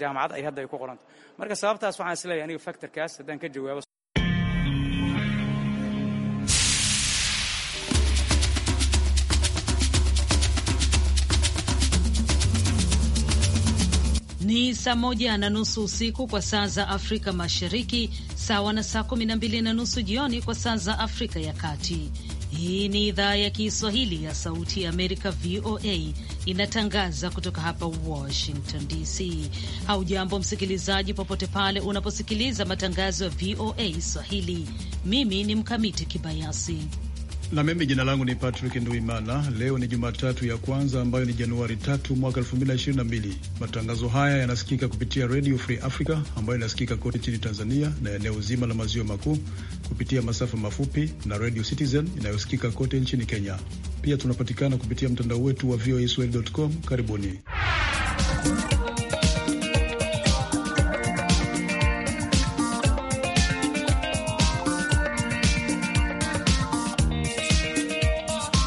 jaamacad ay hadda ay ku qoranta marka sababtaas waxaan is leeyahay aniga factorkaas haddaan ka jawaabo Ni saa moja na nusu usiku kwa saa za Afrika Mashariki, sawa na saa kumi na mbili na nusu jioni kwa saa za Afrika ya Kati. Hii ni idhaa ya Kiswahili ya Sauti ya Amerika, VOA, inatangaza kutoka hapa Washington DC. Haujambo msikilizaji, popote pale unaposikiliza matangazo ya VOA Swahili. Mimi ni Mkamiti Kibayasi na mimi jina langu ni Patrick Nduimana. Leo ni Jumatatu ya kwanza ambayo ni Januari tatu mwaka 2022. Matangazo haya yanasikika kupitia Radio Free Africa ambayo inasikika kote nchini Tanzania na eneo zima la maziwa makuu kupitia masafa mafupi na Radio Citizen inayosikika kote nchini Kenya. Pia tunapatikana kupitia mtandao wetu wa voaswahili.com. Karibuni.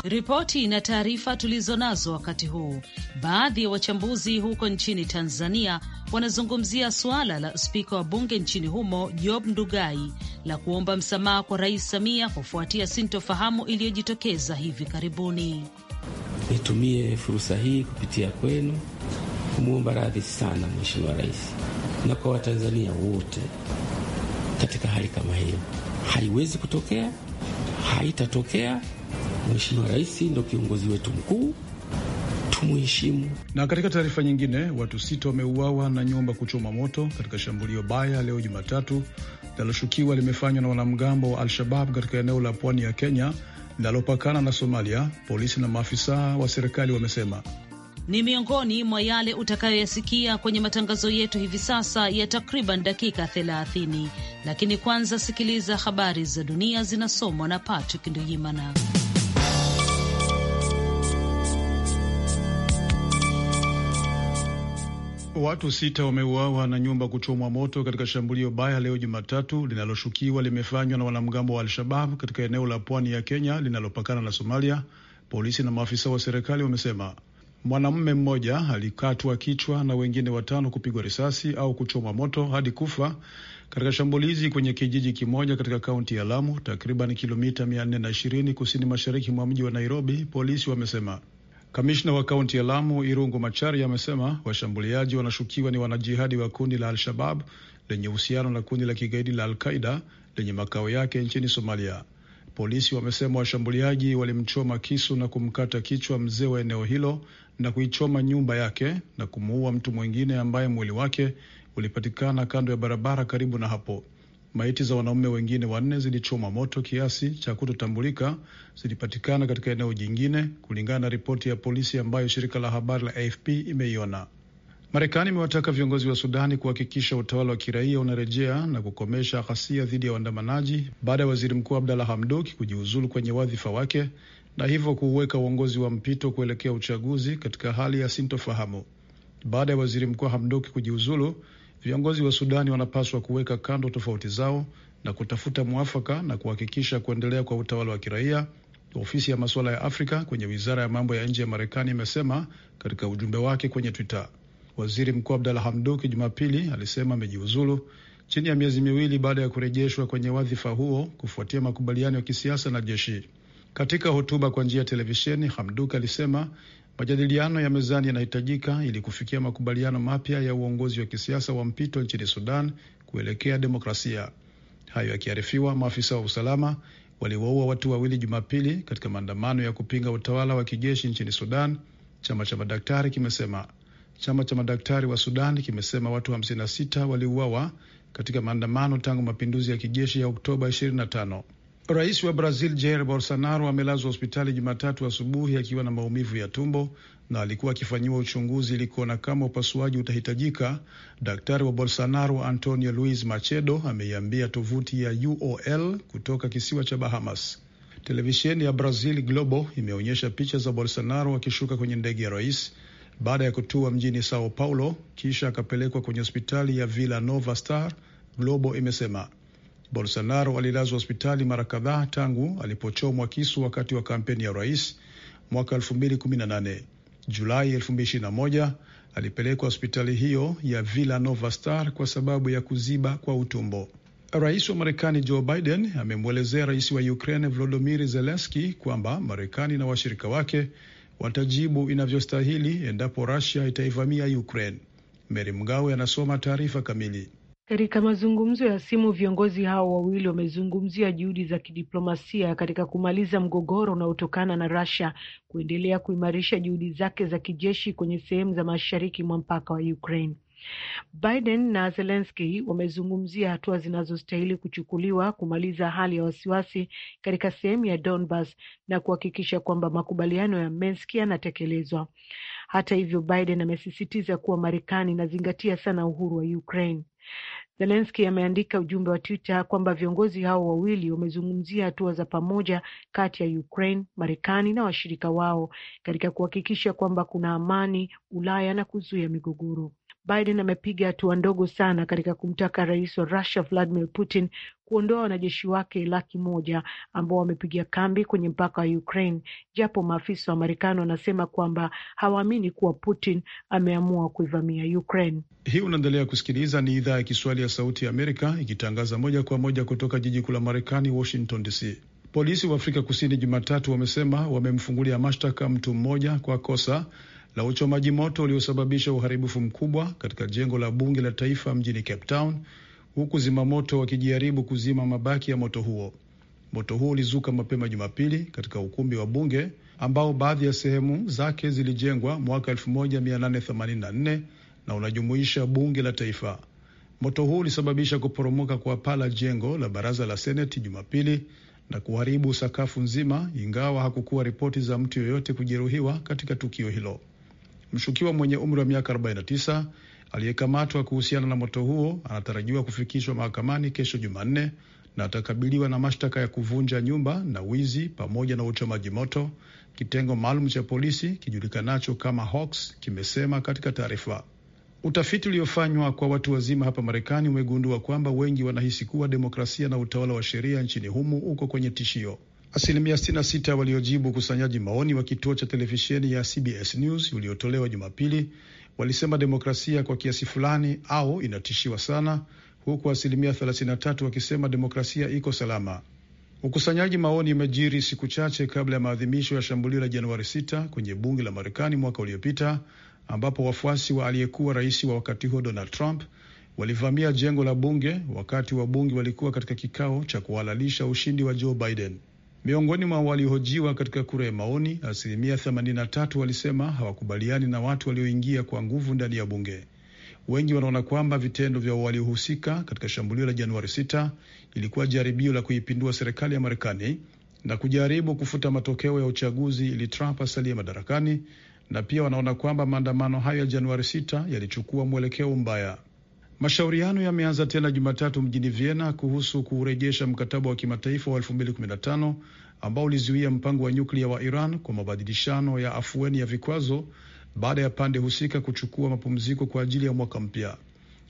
Ripoti na taarifa tulizonazo wakati huu, baadhi ya wachambuzi huko nchini Tanzania wanazungumzia suala la spika wa bunge nchini humo Job Ndugai la kuomba msamaha kwa Rais Samia kufuatia sintofahamu iliyojitokeza hivi karibuni. Nitumie fursa hii kupitia kwenu kumwomba radhi sana Mheshimiwa Rais na kwa Watanzania wote katika hali kama hiyo. Haiwezi kutokea, haitatokea Mheshimiwa Rais ndo kiongozi wetu mkuu, tumuheshimu. Na katika taarifa nyingine, watu sita wameuawa na nyumba kuchoma moto katika shambulio baya leo Jumatatu linaloshukiwa limefanywa na wanamgambo wa Al-Shabab katika eneo la pwani ya Kenya linalopakana na Somalia, polisi na maafisa wa serikali wamesema ni miongoni mwa yale utakayoyasikia kwenye matangazo yetu hivi sasa ya takriban dakika 30, lakini kwanza sikiliza habari za dunia zinasomwa na Patrick Nduyimana. Watu sita wameuawa na nyumba kuchomwa moto katika shambulio baya leo Jumatatu linaloshukiwa limefanywa na wanamgambo wa Al-Shabab katika eneo la pwani ya Kenya linalopakana na Somalia, polisi na maafisa wa serikali wamesema. Mwanamume mmoja alikatwa kichwa na wengine watano kupigwa risasi au kuchomwa moto hadi kufa katika shambulizi kwenye kijiji kimoja katika kaunti ya Lamu, takriban kilomita 420 kusini mashariki mwa mji wa Nairobi, polisi wamesema. Kamishna wa kaunti ya Lamu Irungu Machari amesema washambuliaji wanashukiwa ni wanajihadi wa kundi la Al-Shabab lenye uhusiano na kundi la kigaidi la Al-Qaida lenye makao yake nchini Somalia. Polisi wamesema washambuliaji walimchoma kisu na kumkata kichwa mzee wa eneo hilo na kuichoma nyumba yake na kumuua mtu mwingine ambaye mwili wake ulipatikana kando ya barabara karibu na hapo. Maiti za wanaume wengine wanne zilichoma moto kiasi cha kutotambulika zilipatikana katika eneo jingine, kulingana na ripoti ya polisi ambayo shirika la habari la AFP imeiona. Marekani imewataka viongozi wa Sudani kuhakikisha utawala wa kiraia unarejea na kukomesha ghasia dhidi ya waandamanaji baada ya waziri mkuu Abdalla Hamdok kujiuzulu kwenye wadhifa wake na hivyo kuuweka uongozi wa mpito kuelekea uchaguzi katika hali ya sintofahamu. Baada ya waziri mkuu Hamdok kujiuzulu, Viongozi wa Sudani wanapaswa kuweka kando tofauti zao na kutafuta mwafaka na kuhakikisha kuendelea kwa utawala wa kiraia, ofisi ya masuala ya Afrika kwenye wizara ya mambo ya nje ya Marekani imesema katika ujumbe wake kwenye Twitter. Waziri Mkuu Abdalla Hamduk Jumapili alisema amejiuzulu chini ya miezi miwili baada ya kurejeshwa kwenye wadhifa huo kufuatia makubaliano ya kisiasa na jeshi. Katika hotuba kwa njia ya televisheni, Hamduk alisema Majadiliano ya mezani yanahitajika ili kufikia makubaliano mapya ya uongozi wa kisiasa wa mpito nchini Sudan kuelekea demokrasia. Hayo yakiarifiwa, maafisa wa usalama waliwaua watu wawili Jumapili katika maandamano ya kupinga utawala wa kijeshi nchini Sudan, chama cha madaktari kimesema. Chama cha madaktari wa Sudan kimesema watu 56 waliuawa katika maandamano tangu mapinduzi ya kijeshi ya Oktoba 25. Rais wa Brazil Jair Bolsonaro amelazwa hospitali Jumatatu asubuhi akiwa na maumivu ya tumbo na alikuwa akifanyiwa uchunguzi ili kuona kama upasuaji utahitajika. Daktari wa Bolsonaro Antonio Luis machedo ameiambia tovuti ya UOL kutoka kisiwa cha Bahamas. Televisheni ya Brazil Globo imeonyesha picha za Bolsonaro akishuka kwenye ndege ya rais baada ya kutua mjini Sao Paulo, kisha akapelekwa kwenye hospitali ya Villa Nova Star, Globo imesema. Bolsonaro alilazwa hospitali mara kadhaa tangu alipochomwa kisu wakati wa kampeni ya rais mwaka 2018. Julai 2021 alipelekwa hospitali hiyo ya Villa Nova Star kwa sababu ya kuziba kwa utumbo. Rais wa Marekani Joe Biden amemwelezea rais wa Ukraine Volodimir zelenski kwamba Marekani na washirika wake watajibu inavyostahili endapo rusia itaivamia Ukraine. Mary Mgawe anasoma taarifa kamili. Katika mazungumzo ya simu viongozi hao wawili wamezungumzia juhudi za kidiplomasia katika kumaliza mgogoro unaotokana na Russia kuendelea kuimarisha juhudi zake za kijeshi kwenye sehemu za mashariki mwa mpaka wa Ukraine. Biden na Zelensky wamezungumzia hatua zinazostahili kuchukuliwa kumaliza hali ya wasiwasi katika sehemu ya Donbas na kuhakikisha kwamba makubaliano ya Minsk yanatekelezwa. Hata hivyo, Biden amesisitiza kuwa Marekani inazingatia sana uhuru wa Ukraine zelenski ameandika ujumbe wa Twitter kwamba viongozi hao wawili wamezungumzia hatua za pamoja kati ya Ukraine, Marekani na washirika wao katika kuhakikisha kwamba kuna amani Ulaya na kuzuia migogoro. Biden amepiga hatua ndogo sana katika kumtaka rais wa Russia Vladimir Putin kuondoa wanajeshi wake laki moja ambao wamepiga kambi kwenye mpaka wa Ukraine, japo maafisa wa Marekani wanasema kwamba hawaamini kuwa Putin ameamua kuivamia Ukraine. Hii unaendelea kusikiliza, ni idhaa ya Kiswahili ya Sauti ya Amerika ikitangaza moja kwa moja kutoka jiji kuu la Marekani, Washington DC. Polisi wa Afrika Kusini Jumatatu wamesema wamemfungulia mashtaka mtu mmoja kwa kosa la uchomaji moto uliosababisha uharibifu mkubwa katika jengo la bunge la taifa mjini Cape Town, huku zimamoto wakijaribu kuzima mabaki ya moto huo. Moto huo ulizuka mapema Jumapili katika ukumbi wa bunge ambao baadhi ya sehemu zake zilijengwa mwaka 1884 na unajumuisha bunge la taifa. Moto huu ulisababisha kuporomoka kwa paa la jengo la baraza la seneti Jumapili na kuharibu sakafu nzima, ingawa hakukuwa ripoti za mtu yoyote kujeruhiwa katika tukio hilo. Mshukiwa mwenye umri wa miaka 49 aliyekamatwa kuhusiana na moto huo anatarajiwa kufikishwa mahakamani kesho Jumanne na atakabiliwa na mashtaka ya kuvunja nyumba na wizi pamoja na uchomaji moto. Kitengo maalum cha polisi kijulikanacho kama Hawks kimesema katika taarifa. Utafiti uliofanywa kwa watu wazima hapa Marekani umegundua kwamba wengi wanahisi kuwa demokrasia na utawala wa sheria nchini humo uko kwenye tishio. Asilimia 66 waliojibu ukusanyaji maoni wa kituo cha televisheni ya CBS News uliotolewa Jumapili walisema demokrasia kwa kiasi fulani au inatishiwa sana, huku asilimia 33 wakisema demokrasia iko salama. Ukusanyaji maoni umejiri siku chache kabla ya maadhimisho ya shambulio la Januari 6 kwenye bunge la Marekani mwaka uliopita, ambapo wafuasi wa aliyekuwa rais wa wakati huo Donald Trump walivamia jengo la bunge wakati wabunge walikuwa katika kikao cha kuhalalisha ushindi wa Joe Biden. Miongoni mwa waliohojiwa katika kura ya maoni, asilimia 83 walisema hawakubaliani na watu walioingia kwa nguvu ndani ya bunge. Wengi wanaona kwamba vitendo vya waliohusika katika shambulio la Januari 6 ilikuwa jaribio la kuipindua serikali ya Marekani na kujaribu kufuta matokeo ya uchaguzi ili Trump asalie madarakani, na pia wanaona kwamba maandamano hayo ya Januari 6 yalichukua mwelekeo mbaya. Mashauriano yameanza tena Jumatatu mjini Vienna kuhusu kurejesha mkataba wa kimataifa wa 2015 ambao ulizuia mpango wa nyuklia wa Iran kwa mabadilishano ya afueni ya vikwazo baada ya pande husika kuchukua mapumziko kwa ajili ya mwaka mpya.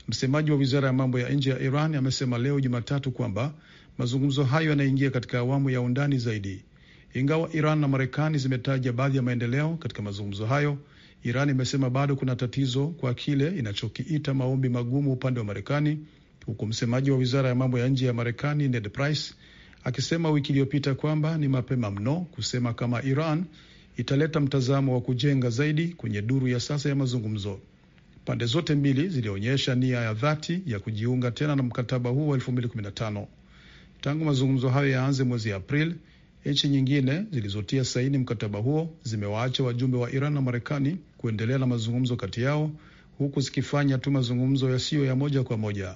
Msemaji wa wizara ya mambo ya nje ya Iran amesema leo Jumatatu kwamba mazungumzo hayo yanaingia katika awamu ya undani zaidi. Ingawa Iran na Marekani zimetaja baadhi ya maendeleo katika mazungumzo hayo, Iran imesema bado kuna tatizo kwa kile inachokiita maombi magumu upande wa Marekani, huku msemaji wa wizara ya mambo ya nje ya Marekani Ned Price akisema wiki iliyopita kwamba ni mapema mno kusema kama Iran italeta mtazamo wa kujenga zaidi kwenye duru ya sasa ya mazungumzo. Pande zote mbili zilionyesha nia ya dhati ya kujiunga tena na mkataba huu wa 2015. Tangu mazungumzo hayo yaanze mwezi Aprili, Nchi nyingine zilizotia saini mkataba huo zimewaacha wajumbe wa Iran na Marekani kuendelea na mazungumzo kati yao huku zikifanya tu mazungumzo yasiyo ya moja kwa moja.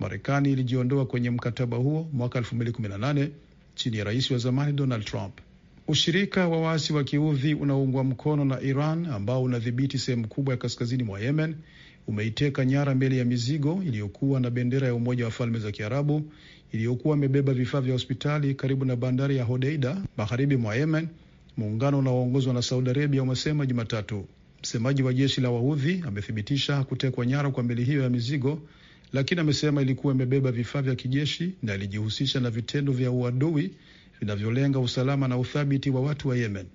Marekani ilijiondoa kwenye mkataba huo mwaka 2018 chini ya rais wa zamani Donald Trump. Ushirika wa waasi wa kiudhi unaoungwa mkono na Iran ambao unadhibiti sehemu kubwa ya kaskazini mwa Yemen umeiteka nyara mbele ya mizigo iliyokuwa na bendera ya Umoja wa Falme za Kiarabu iliyokuwa imebeba vifaa vya hospitali karibu na bandari ya Hodeida magharibi mwa Yemen, muungano unaoongozwa na Saudi Arabia umesema Jumatatu. Msemaji wa jeshi la Wahudhi amethibitisha kutekwa nyara kwa meli hiyo ya mizigo, lakini amesema ilikuwa imebeba vifaa vya kijeshi na ilijihusisha na vitendo vya uadui vinavyolenga usalama na uthabiti wa watu wa Yemen.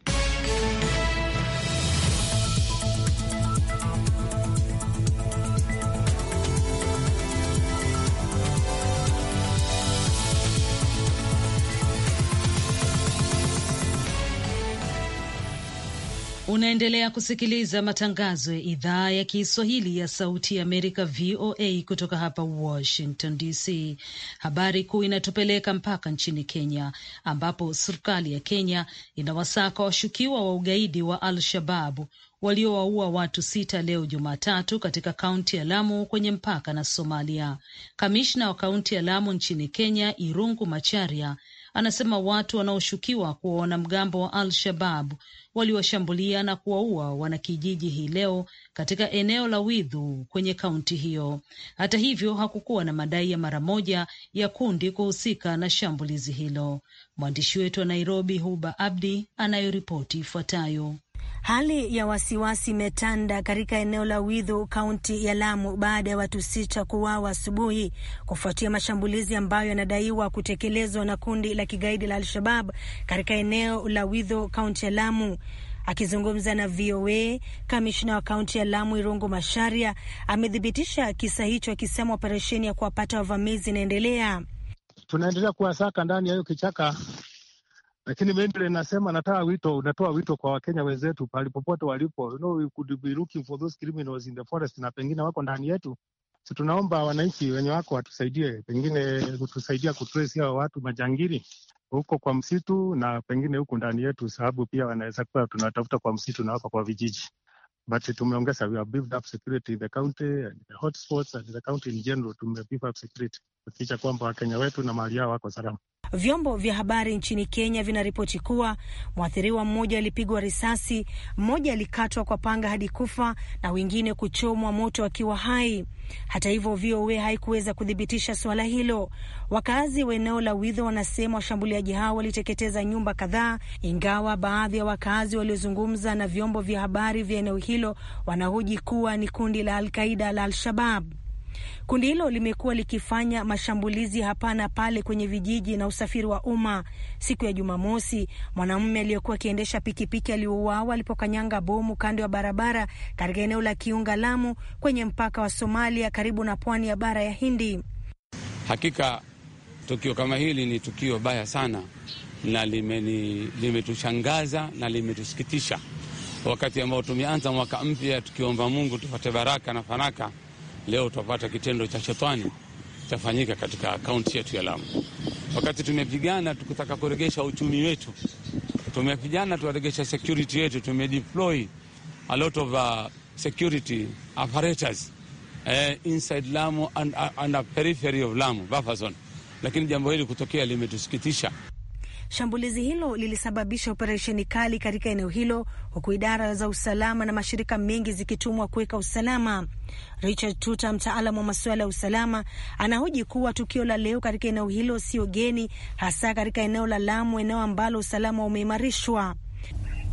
Unaendelea kusikiliza matangazo ya idhaa ya Kiswahili ya Sauti ya Amerika, VOA, kutoka hapa Washington DC. Habari kuu inatupeleka mpaka nchini Kenya, ambapo serikali ya Kenya inawasaka washukiwa wa ugaidi wa Al-Shababu waliowaua watu sita leo Jumatatu katika kaunti ya Lamu kwenye mpaka na Somalia. Kamishna wa kaunti ya Lamu nchini Kenya, Irungu Macharia, anasema watu wanaoshukiwa kuwa wanamgambo wa Al-Shabab waliwashambulia na kuwaua wanakijiji hii leo katika eneo la Widhu kwenye kaunti hiyo. Hata hivyo, hakukuwa na madai ya mara moja ya kundi kuhusika na shambulizi hilo. Mwandishi wetu wa Nairobi, Huba Abdi, anayoripoti ifuatayo. Hali ya wasiwasi imetanda katika eneo la Widhu, kaunti ya Lamu, baada ya watu sita kuuawa asubuhi kufuatia mashambulizi ambayo yanadaiwa kutekelezwa na kundi la kigaidi la Al-Shabab katika eneo la Widhu, kaunti ya Lamu. Akizungumza na VOA, kamishna wa kaunti ya Lamu Irungu Masharia amethibitisha kisa hicho, akisema operesheni ya kuwapata wavamizi inaendelea. Tunaendelea kuwasaka ndani ya hiyo kichaka lakini Mendele nasema natoa wito, natoa wito kwa Wakenya wenzetu popote walipo, you know, we could be looking for those criminals in the forest, na pengine wako ndani yetu. Si tunaomba wananchi wenye wako watusaidie, pengine kutusaidia kutrace hawa watu majangili huko kwa msitu na pengine huku ndani yetu, sababu pia wanaweza kuwa tunatafuta kwa msitu na wako kwa vijiji but tumeongeza, we have beefed up security in the county and the hotspots and the county in general, tume up security kuhakikisha kwamba Wakenya wetu na mali yao wako salama. Vyombo vya habari nchini Kenya vinaripoti kuwa mwathiriwa mmoja alipigwa risasi, mmoja alikatwa kwa panga hadi kufa na wengine kuchomwa moto akiwa hai. Hata hivyo, VOA haikuweza kuthibitisha suala hilo. Wakazi wa eneo la Widho wanasema washambuliaji hao waliteketeza nyumba kadhaa, ingawa baadhi ya wakazi waliozungumza na vyombo vya habari vya eneo hilo wanahoji kuwa ni kundi la Alkaida la Al-Shabab. Kundi hilo limekuwa likifanya mashambulizi hapa na pale kwenye vijiji na usafiri wa umma. Siku ya Jumamosi, mwanamume aliyekuwa akiendesha pikipiki aliuawa alipokanyanga bomu kando ya barabara katika eneo la Kiunga Lamu, kwenye mpaka wa Somalia, karibu na pwani ya bara ya Hindi. Hakika tukio kama hili ni tukio baya sana na limetushangaza lime na limetusikitisha, wakati ambao tumeanza mwaka mpya tukiomba Mungu tupate baraka na fanaka leo utapata kitendo cha shetani chafanyika katika akaunti yetu ya Lamu. Wakati tumepigana tukitaka kuregesha uchumi wetu, tumepigana tuaregesha security yetu, tumedeploy a lot of uh, security apparatus uh, inside Lamu and, uh, and a periphery of Lamu, buffer zone. Lakini jambo hili kutokea limetusikitisha. Shambulizi hilo lilisababisha operesheni kali katika eneo hilo, huku idara za usalama na mashirika mengi zikitumwa kuweka usalama. Richard Tuta, mtaalamu wa masuala ya usalama, anahoji kuwa tukio la leo katika eneo hilo sio geni, hasa katika eneo la Lamu, eneo ambalo usalama umeimarishwa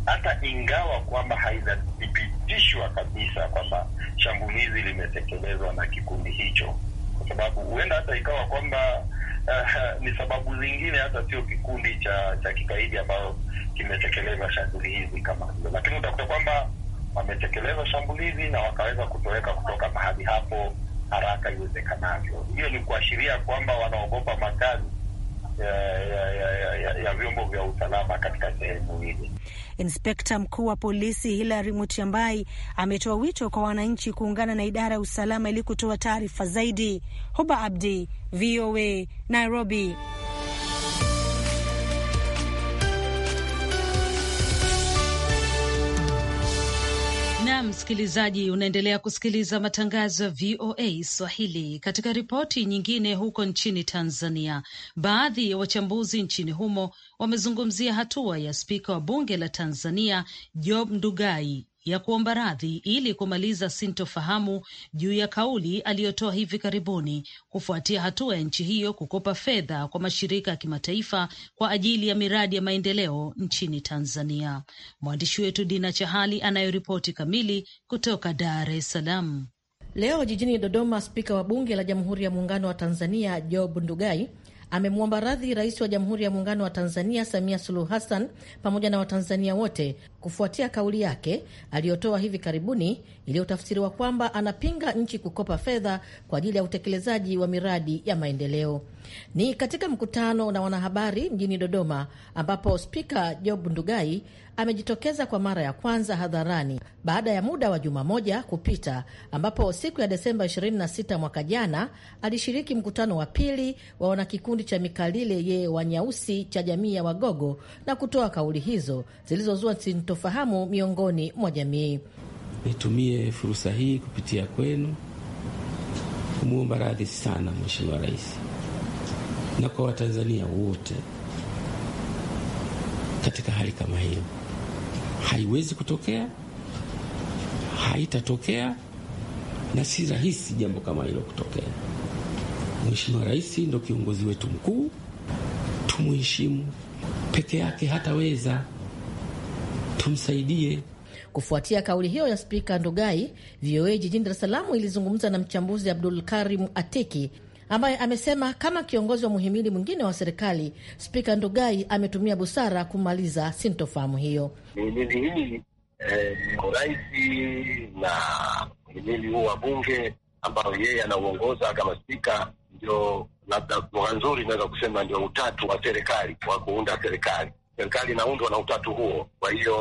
hata ingawa kwamba haijathibitishwa kabisa kwamba shambulizi limetekelezwa na kikundi hicho, kwa sababu huenda hata ikawa kwamba uh, ni sababu zingine, hata sio kikundi cha cha kigaidi ambayo kimetekeleza shambulizi hizi kama hizo, lakini utakuta kwamba wametekeleza shambulizi na wakaweza kutoweka kutoka mahali hapo haraka iwezekanavyo. Hiyo ni kuashiria kwamba wanaogopa makazi ya, ya, ya, ya, ya vyombo vya usalama katika sehemu hili. Inspekta mkuu wa polisi Hilary mutiambai ametoa wito kwa wananchi kuungana na idara ya usalama ili kutoa taarifa zaidi. Hoba Abdi, VOA, Nairobi. msikilizaji, unaendelea kusikiliza matangazo ya VOA Swahili. Katika ripoti nyingine, huko nchini Tanzania, baadhi ya wachambuzi nchini humo wamezungumzia hatua ya spika wa bunge la Tanzania Job Ndugai ya kuomba radhi ili kumaliza sintofahamu juu ya kauli aliyotoa hivi karibuni kufuatia hatua ya nchi hiyo kukopa fedha kwa mashirika ya kimataifa kwa ajili ya miradi ya maendeleo nchini Tanzania. Mwandishi wetu Dina Chahali anayoripoti kamili kutoka Dar es Salaam. Leo jijini Dodoma, Spika wa Bunge la Jamhuri ya Muungano wa Tanzania Job Ndugai amemwomba radhi Rais wa Jamhuri ya Muungano wa Tanzania Samia Suluhu Hassan pamoja na Watanzania wote kufuatia kauli yake aliyotoa hivi karibuni iliyotafsiriwa kwamba anapinga nchi kukopa fedha kwa ajili ya utekelezaji wa miradi ya maendeleo. Ni katika mkutano na wanahabari mjini Dodoma ambapo Spika Job Ndugai amejitokeza kwa mara ya kwanza hadharani baada ya muda wa juma moja kupita, ambapo siku ya Desemba 26 mwaka jana alishiriki mkutano wa pili wa wanakikundi cha mikalile ye wanyausi cha jamii ya Wagogo na kutoa kauli hizo zilizozua sintofahamu miongoni mwa jamii. Nitumie fursa hii kupitia kwenu kumwomba radhi sana Mheshimiwa Rais na kwa Watanzania wote katika hali kama hiyo. Haiwezi kutokea, haitatokea na si rahisi jambo kama hilo kutokea. Mheshimiwa Rais ndo kiongozi wetu mkuu, tumuheshimu. Peke yake hataweza tumsaidie. Kufuatia kauli hiyo ya Spika Ndugai, VOA jijini Dar es Salaam ilizungumza na mchambuzi Abdul Karim Atiki ambaye amesema kama kiongozi wa muhimili mwingine wa serikali, Spika Ndugai ametumia busara kumaliza sintofahamu hiyo. Mihimili hii eh, urais na mhimili huu wa bunge ambayo yeye anauongoza kama spika, ndio labda lugha nzuri inaweza kusema ndio utatu wa serikali wa kuunda serikali serikali inaundwa na utatu huo. Kwa hiyo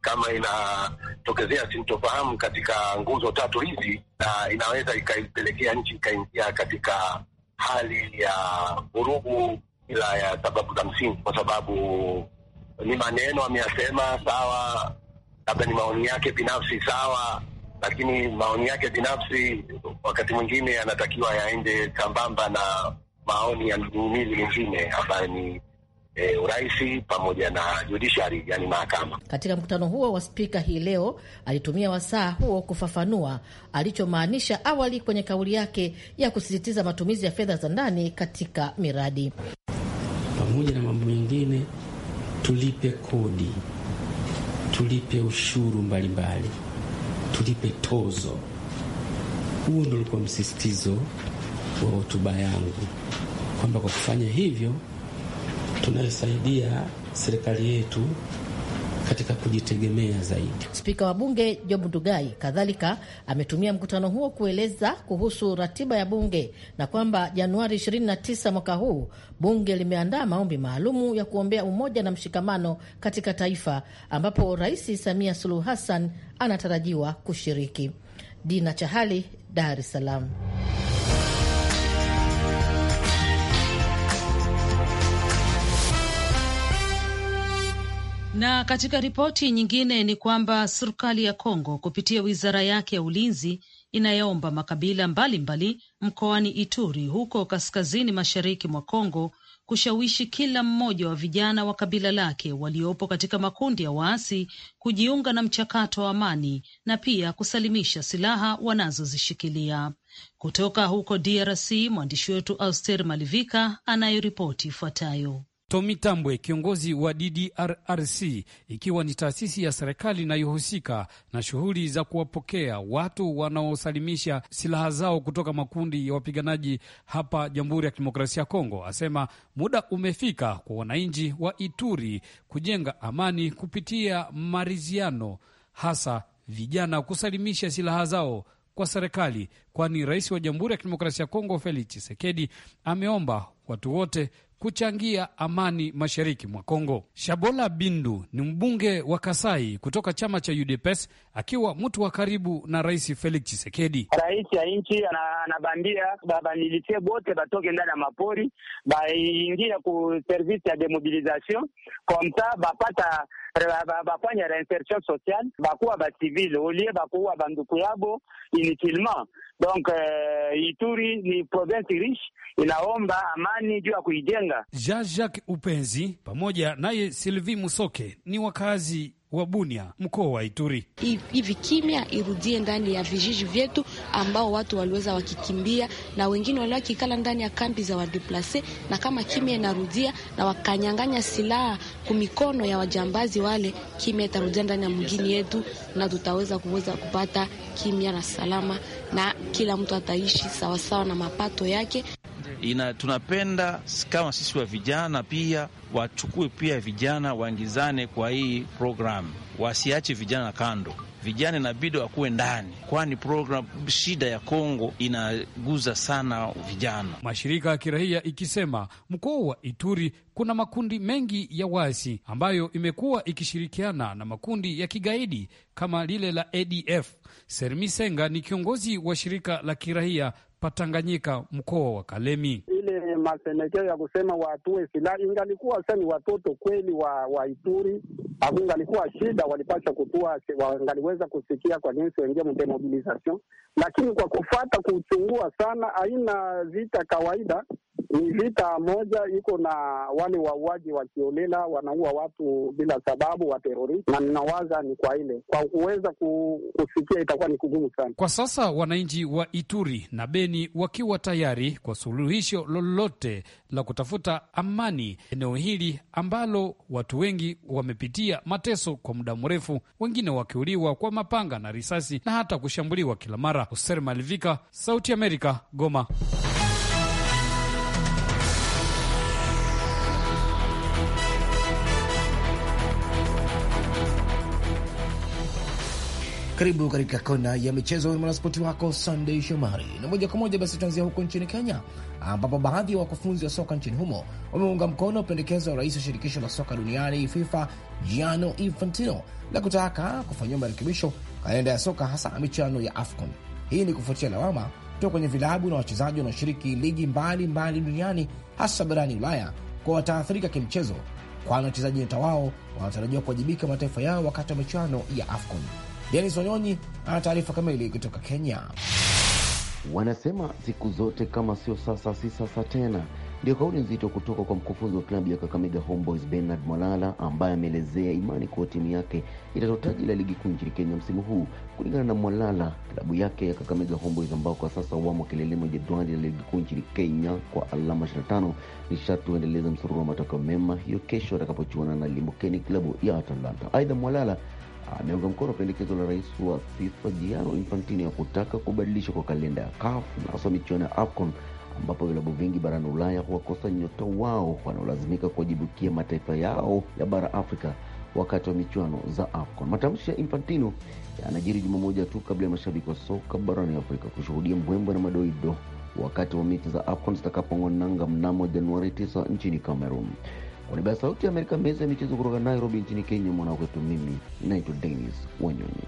kama inatokezea sintofahamu katika nguzo tatu hizi, na inaweza ikaipelekea nchi ikaingia katika hali ya vurugu bila ya sababu za msingi, kwa sababu ni maneno ameyasema, sawa, labda ni maoni yake binafsi, sawa, lakini maoni yake binafsi wakati mwingine yanatakiwa yaende sambamba na maoni ya mihimili mingine ambayo ni e, eh, uraisi pamoja na judiciary, yani mahakama. Katika mkutano huo wa spika hii leo alitumia wasaa huo kufafanua alichomaanisha awali kwenye kauli yake ya kusisitiza matumizi ya fedha za ndani katika miradi. Pamoja na mambo mengine, tulipe kodi, tulipe ushuru mbalimbali, tulipe tozo. Huo ndo ulikuwa msisitizo wa hotuba yangu kwamba kwa kufanya hivyo tunayosaidia serikali yetu katika kujitegemea zaidi. Spika wa Bunge Job Ndugai kadhalika ametumia mkutano huo kueleza kuhusu ratiba ya Bunge na kwamba Januari 29 mwaka huu Bunge limeandaa maombi maalumu ya kuombea umoja na mshikamano katika taifa, ambapo Rais Samia Suluhu Hassan anatarajiwa kushiriki. Dina Chahali, Dar es Salaam. Na katika ripoti nyingine ni kwamba serikali ya Kongo kupitia wizara yake ya ulinzi inayoomba makabila mbalimbali mkoani Ituri huko kaskazini mashariki mwa Kongo kushawishi kila mmoja wa vijana wa kabila lake waliopo katika makundi ya waasi kujiunga na mchakato wa amani na pia kusalimisha silaha wanazozishikilia. Kutoka huko DRC, mwandishi wetu Auster Malivika anayoripoti ifuatayo. Tomi Tambwe, kiongozi wa DDRRC, ikiwa ni taasisi ya serikali inayohusika na shughuli za kuwapokea watu wanaosalimisha silaha zao kutoka makundi ya wapiganaji hapa Jamhuri ya Kidemokrasia ya Kongo, asema muda umefika kwa wananchi wa Ituri kujenga amani kupitia maridhiano, hasa vijana kusalimisha silaha zao kwa serikali, kwani rais wa Jamhuri ya Kidemokrasia ya Kongo Felix Tshisekedi ameomba watu wote kuchangia amani mashariki mwa Kongo. Shabola Bindu ni mbunge wa Kasai kutoka chama cha UDPS, akiwa mtu wa karibu na Rais Felix chisekedi Rais ya nchi anabandia babandilisie bote batoke ndani ya mapori baingia ku service ya demobilization komsa bapata bafanya reinsertion sociale bakuwa basivile olie bakuwa banduku yabo inutilement. Donc uh, Ituri ni province riche inaomba amani juu ya kuijenga Uvira. Jean Jacques Upenzi pamoja naye Sylvie Musoke ni wakazi wa Bunia, mkoa wa Ituri. Hivi kimya irudie ndani ya vijiji vyetu, ambao watu waliweza wakikimbia na wengine waliwakikala ndani ya kambi za wadeplase, na kama kimya inarudia na wakanyang'anya silaha kumikono ya wajambazi wale, kimya itarudia ndani ya mgini yetu, na tutaweza kuweza kupata kimya na salama, na kila mtu ataishi sawasawa na mapato yake ina, tunapenda kama sisi wa vijana pia wachukue pia vijana waingizane kwa hii programu, wasiache vijana kando. Vijana inabidi wakuwe ndani, kwani program shida ya Kongo inaguza sana vijana. Mashirika ya kiraia ikisema mkoa wa Ituri kuna makundi mengi ya waasi ambayo imekuwa ikishirikiana na makundi ya kigaidi kama lile la ADF. Sermisenga ni kiongozi wa shirika la kiraia patanganyika mkoa wa Kalemi ile masemekeo ya kusema watue silaha, ingalikuwa sani watoto kweli wa, wa Ituri hakungalikuwa shida, walipasha kutua, wangaliweza kusikia kwa jinsi wengia mdemobilization, lakini kwa kufata kuchungua sana, haina vita kawaida, ni vita moja iko na wale wauaji wakiolela, wanaua watu bila sababu, wateroristi, na ninawaza ni kwa ile kwa kuweza kusikia itakuwa ni kugumu sana. Kwa sasa wananchi wa Ituri na Beni wakiwa tayari kwa suluhisho lolote la kutafuta amani eneo hili ambalo watu wengi wamepitia mateso kwa muda mrefu, wengine wakiuliwa kwa mapanga na risasi na hata kushambuliwa kila mara. Hoser Malivika, Sauti Amerika, Goma. Karibu katika kona ya michezo, mwanaspoti wako Sunday Shomari, na moja kwa moja basi tuanzia huko nchini Kenya ambapo baadhi ya wakufunzi wa soka nchini humo wameunga mkono pendekezo la rais wa shirikisho la soka duniani FIFA jiano Infantino la kutaka kufanyiwa marekebisho kalenda ya soka, hasa michuano ya AFCON. Hii ni kufuatia lawama kutoka kwenye vilabu na wachezaji wanaoshiriki ligi mbalimbali mbali duniani, hasa barani Ulaya, kwa wataathirika kimchezo, kwani wachezaji nyota wao wanatarajiwa kuwajibika mataifa yao wakati wa michuano ya AFCON. Denis Wanyonyi ana taarifa kamili kutoka Kenya. Wanasema siku zote kama sio sasa si sasa tena, ndio kauli nzito kutoka kwa mkufunzi wa klabu ya Kakamega Homeboys Bernard Mwalala, ambaye ameelezea imani kuwa timu yake itatoa taji la ligi kuu nchini Kenya msimu huu. Kulingana na Mwalala, klabu yake ya Kakamega Homeboys ambao kwa sasa wamo kileleni mwa jedwali la ligi kuu nchini Kenya kwa alama 25 ni sharti waendeleza msururu wa matokeo mema hiyo kesho atakapochuana na limbukeni klabu ya Atalanta. Aidha, Mwalala ameunga ah, mkono pendekezo la rais wa FIFA Gianni Infantino ya kutaka kubadilishwa kwa kalenda ya CAF na hasa michuano ya AFCON ambapo vilabu vingi barani Ulaya huwakosa nyota wao wanaolazimika kuwajibukia mataifa yao ya bara Afrika wakati wa michuano za AFCON. Matamshi ya Infantino yanajiri juma moja tu kabla ya mashabiki wa soka barani Afrika kushuhudia mbwembwe na madoido wakati wa mechi za AFCON nanga mnamo Januari 9 nchini Cameroon. Kwa niaba ya Sauti ya Amerika, meza ya michezo kutoka Nairobi nchini Kenya, mwanakwetu mimi inaitwa Denis Wanyonyi.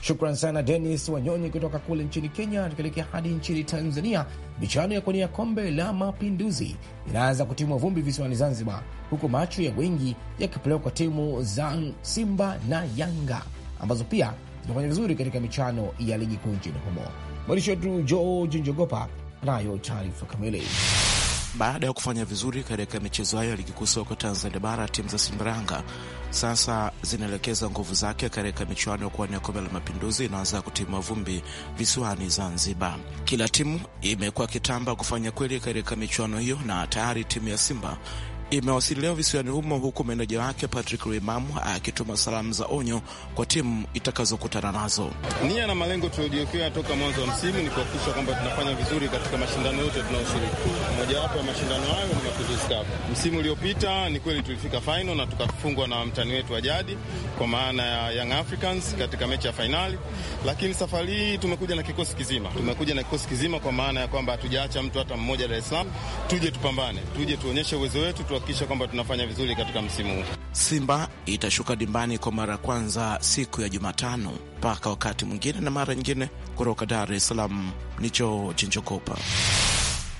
Shukran sana Denis Wanyonyi kutoka kule nchini Kenya. Tukielekea hadi nchini Tanzania, michuano ya kuania kombe la Mapinduzi inaanza kutimwa vumbi visiwani Zanzibar, huku macho ya wengi yakipelekwa kwa timu za Simba na Yanga ambazo pia zimefanya vizuri katika michuano ya ligi kuu nchini humo. Mwandishi wetu George Njogopa anayo taarifa kamili. Baada ya kufanya vizuri katika michezo hayo ya ligi kuu soka Tanzania Bara, timu za Simba sasa zinaelekeza nguvu zake katika michuano ya kuwania kombe la Mapinduzi inaanza kutimua vumbi visiwani Zanzibar. Kila timu imekuwa kitamba kufanya kweli katika michuano hiyo, na tayari timu ya Simba imewasili leo visiwani humo, huku meneja wake Patrick Rimam akituma salamu za onyo kwa timu itakazokutana nazo. Nia na malengo tuliojiwekea toka mwanzo wa msimu ni kuhakikisha kwamba tunafanya vizuri katika mashindano yote tunayoshiriki. Mojawapo ya mashindano hayo ni Mapinduzi Cup. Msimu uliopita ni kweli tulifika final na tukafungwa na mtani wetu wa jadi kwa maana ya Young Africans katika mechi ya fainali, lakini safari hii tumekuja na kikosi kizima. Tumekuja na kikosi kizima kwa maana ya kwamba hatujaacha mtu hata mmoja Dar es Salaam. Tuje tupambane, tuje tuonyeshe uwezo wetu tu kuhakikisha kwamba tunafanya vizuri katika msimu huu. Simba itashuka dimbani kwa mara ya kwanza siku ya Jumatano mpaka wakati mwingine na mara nyingine. Kutoka Dar es Salaam ni George Njogopa.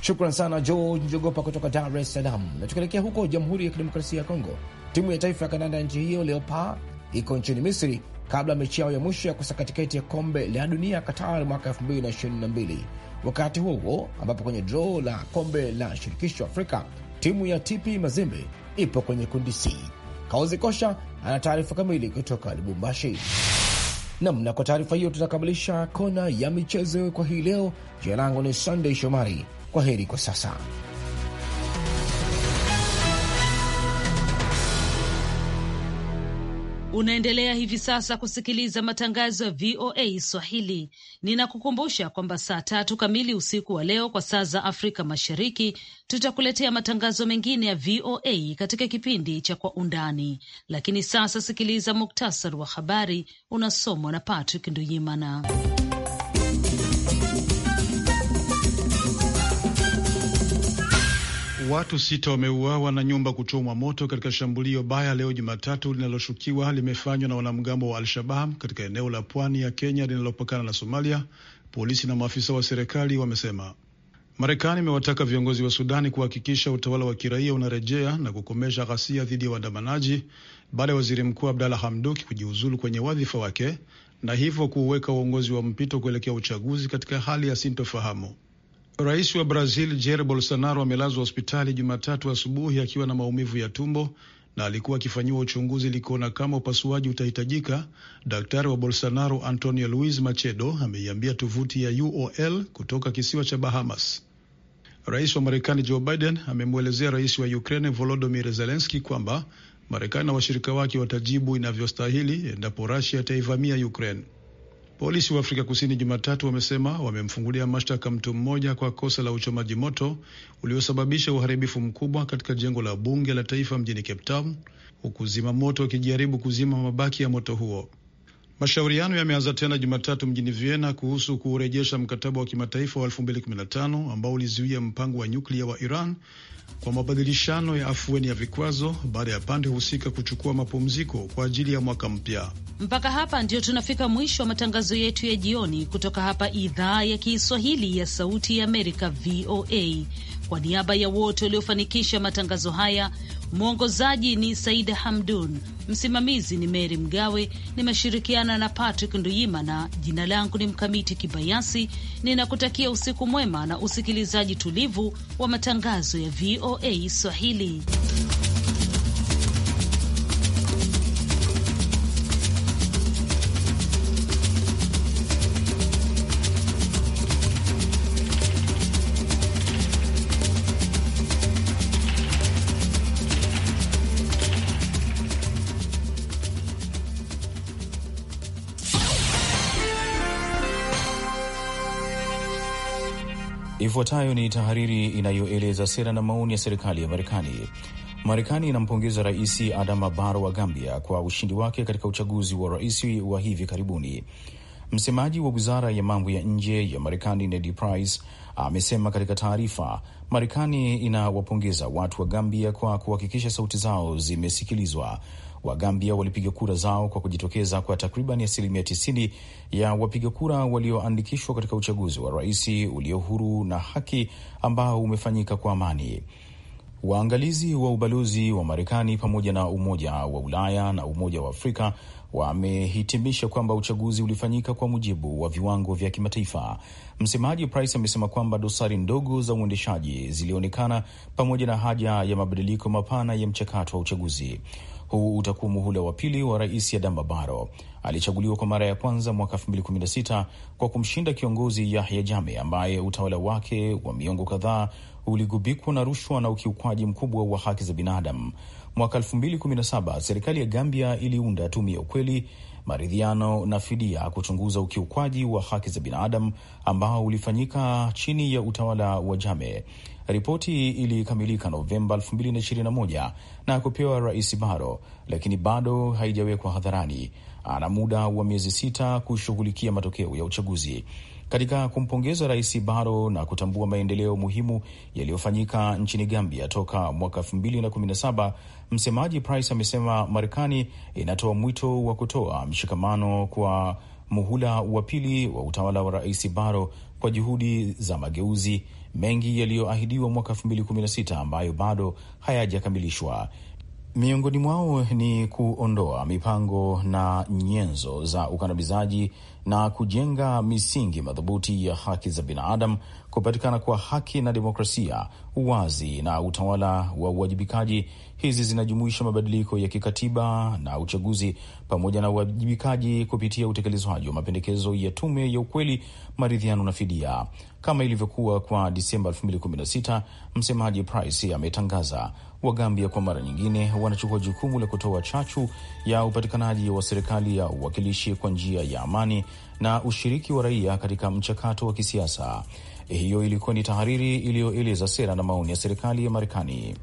Shukran sana George Njogopa kutoka Dar es Salaam. Na tukielekea huko Jamhuri ya Kidemokrasia ya Kongo, timu ya taifa ya kandanda ya nchi hiyo Leopard iko nchini Misri kabla ya mechi yao ya mwisho ya kusaka tiketi ya kombe la dunia katar mwaka 2022. Wakati huo huo ambapo kwenye draw la kombe la shirikisho Afrika Timu ya TP Mazembe ipo kwenye kundi C. Kaozi Kosha ana taarifa kamili kutoka Lubumbashi. Nam, na kwa taarifa hiyo tunakamilisha kona ya michezo kwa hii leo. Jina langu ni Sunday Shomari. Kwa heri kwa sasa. Unaendelea hivi sasa kusikiliza matangazo ya VOA Swahili. Ninakukumbusha kwamba saa tatu kamili usiku wa leo kwa saa za Afrika Mashariki tutakuletea matangazo mengine ya VOA katika kipindi cha Kwa Undani, lakini sasa sikiliza muktasari wa habari unasomwa na Patrick Nduyimana. Watu sita wameuawa na nyumba kuchomwa moto katika shambulio baya leo Jumatatu linaloshukiwa limefanywa na wanamgambo wa Al-Shabab katika eneo la pwani ya Kenya linalopakana na Somalia, polisi na maafisa wa serikali wamesema. Marekani imewataka viongozi wa Sudani kuhakikisha utawala wa kiraia unarejea na kukomesha ghasia dhidi ya waandamanaji baada ya waziri mkuu Abdalla Hamduk kujiuzulu kwenye wadhifa wake na hivyo kuuweka uongozi wa mpito kuelekea uchaguzi katika hali ya sintofahamu. Rais wa Brazil Jair Bolsonaro amelazwa hospitali Jumatatu asubuhi akiwa na maumivu ya tumbo na alikuwa akifanyiwa uchunguzi ili kuona kama upasuaji utahitajika. Daktari wa Bolsonaro Antonio Luis Macedo ameiambia tovuti ya UOL kutoka kisiwa cha Bahamas. Rais wa Marekani Joe Biden amemwelezea rais wa Ukraine Volodymyr Zelensky kwamba Marekani na washirika wake watajibu inavyostahili endapo Russia itaivamia Ukraine. Polisi wa Afrika Kusini Jumatatu wamesema wamemfungulia mashtaka mtu mmoja kwa kosa la uchomaji moto uliosababisha uharibifu mkubwa katika jengo la bunge la taifa mjini Cape Town, huku zima moto wakijaribu kuzima mabaki ya moto huo. Mashauriano yameanza tena Jumatatu mjini Vienna kuhusu kurejesha mkataba wa kimataifa wa 2015 ambao ulizuia mpango wa nyuklia wa Iran kwa mabadilishano ya afueni ya vikwazo baada ya pande husika kuchukua mapumziko kwa ajili ya mwaka mpya. Mpaka hapa ndio tunafika mwisho wa matangazo yetu ya jioni kutoka hapa idhaa ya Kiswahili ya Sauti ya Amerika, VOA. Kwa niaba ya wote waliofanikisha matangazo haya Mwongozaji ni Saida Hamdun, msimamizi ni Meri Mgawe. Nimeshirikiana na Patrick Nduyimana. Jina langu ni Mkamiti Kibayasi, ninakutakia usiku mwema na usikilizaji tulivu wa matangazo ya VOA Swahili. Ifuatayo ni tahariri inayoeleza sera na maoni ya serikali ya Marekani. Marekani inampongeza Rais Adama Barrow wa Gambia kwa ushindi wake katika uchaguzi wa rais wa hivi karibuni. Msemaji wa wizara ya mambo ya nje ya Marekani Ned Price amesema katika taarifa, Marekani inawapongeza watu wa Gambia kwa kuhakikisha sauti zao zimesikilizwa Wagambia walipiga kura zao kwa kujitokeza kwa takriban asilimia 90 ya wapiga kura walioandikishwa katika uchaguzi wa rais ulio huru na haki ambao umefanyika kwa amani. Waangalizi wa ubalozi wa Marekani pamoja na Umoja wa Ulaya na Umoja wa Afrika wamehitimisha kwamba uchaguzi ulifanyika kwa mujibu wa viwango vya kimataifa. Msemaji Price amesema kwamba dosari ndogo za uendeshaji zilionekana pamoja na haja ya mabadiliko mapana ya mchakato wa uchaguzi. Huu utakuwa muhula wa pili wa rais Adama Barrow. Alichaguliwa kwa mara ya kwanza mwaka 2016 kwa kumshinda kiongozi Yahya Jammeh ambaye utawala wake wa miongo kadhaa uligubikwa na rushwa na ukiukwaji mkubwa wa haki za binadamu. Mwaka 2017 serikali ya Gambia iliunda tume ya ukweli maridhiano na fidia kuchunguza ukiukwaji wa haki za binadamu ambao ulifanyika chini ya utawala wa Jame. Ripoti ilikamilika Novemba 2021 na kupewa Rais baro lakini bado haijawekwa hadharani. Ana muda wa miezi sita kushughulikia matokeo ya uchaguzi katika kumpongeza Rais baro na kutambua maendeleo muhimu yaliyofanyika nchini Gambia toka mwaka 2017, msemaji Price amesema Marekani inatoa mwito wa kutoa mshikamano kwa muhula wa pili wa utawala wa Rais baro kwa juhudi za mageuzi mengi yaliyoahidiwa mwaka 2016 ambayo bado hayajakamilishwa. Miongoni mwao ni kuondoa mipango na nyenzo za ukandamizaji na kujenga misingi madhubuti ya haki za binadamu, kupatikana kwa haki na demokrasia, uwazi na utawala wa uwajibikaji. Hizi zinajumuisha mabadiliko ya kikatiba na uchaguzi pamoja na uwajibikaji kupitia utekelezwaji wa mapendekezo ya tume ya ukweli, maridhiano na fidia. Kama ilivyokuwa kwa Disemba 2016, msemaji Price ametangaza wa Gambia kwa mara nyingine wanachukua jukumu la kutoa chachu ya upatikanaji wa serikali ya uwakilishi kwa njia ya amani na ushiriki wa raia katika mchakato wa kisiasa. Eh, hiyo ilikuwa ni tahariri iliyoeleza sera na maoni ya serikali ya Marekani.